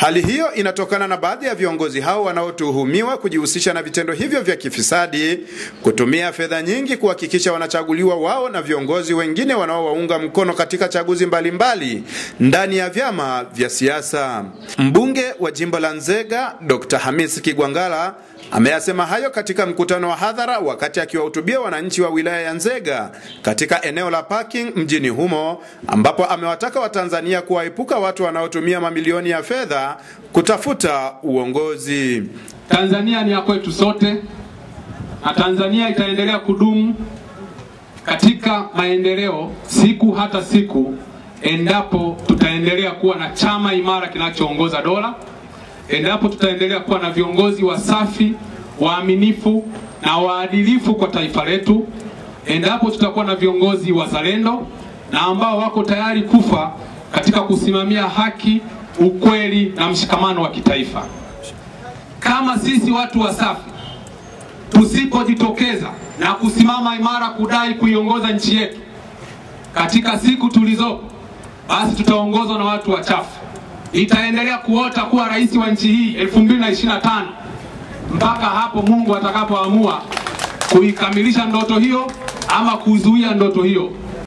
Hali hiyo inatokana na baadhi ya viongozi hao wanaotuhumiwa kujihusisha na vitendo hivyo vya kifisadi, kutumia fedha nyingi kuhakikisha wanachaguliwa wao na viongozi wengine wanaowaunga mkono katika chaguzi mbalimbali mbali, ndani ya vyama vya siasa. Mbunge wa jimbo la Nzega Dr. Hamis Kigwangala ameyasema hayo katika mkutano wa hadhara wakati akiwahutubia wananchi wa wilaya ya Nzega katika eneo la parking mjini humo, ambapo amewataka Watanzania kuwaepuka watu wanaotumia mamilioni ya fedha kutafuta uongozi. Tanzania ni ya kwetu sote na Tanzania itaendelea kudumu katika maendeleo siku hata siku endapo tutaendelea kuwa na chama imara kinachoongoza dola, endapo tutaendelea kuwa na viongozi wasafi, waaminifu na waadilifu kwa taifa letu, endapo tutakuwa na viongozi wazalendo na ambao wako tayari kufa katika kusimamia haki ukweli na mshikamano wa kitaifa. Kama sisi watu Wasafi tusipojitokeza na kusimama imara kudai kuiongoza nchi yetu katika siku tulizopo, basi tutaongozwa na watu wachafu. Itaendelea kuota kuwa rais wa nchi hii 2025 mpaka hapo Mungu atakapoamua kuikamilisha ndoto hiyo ama kuzuia ndoto hiyo.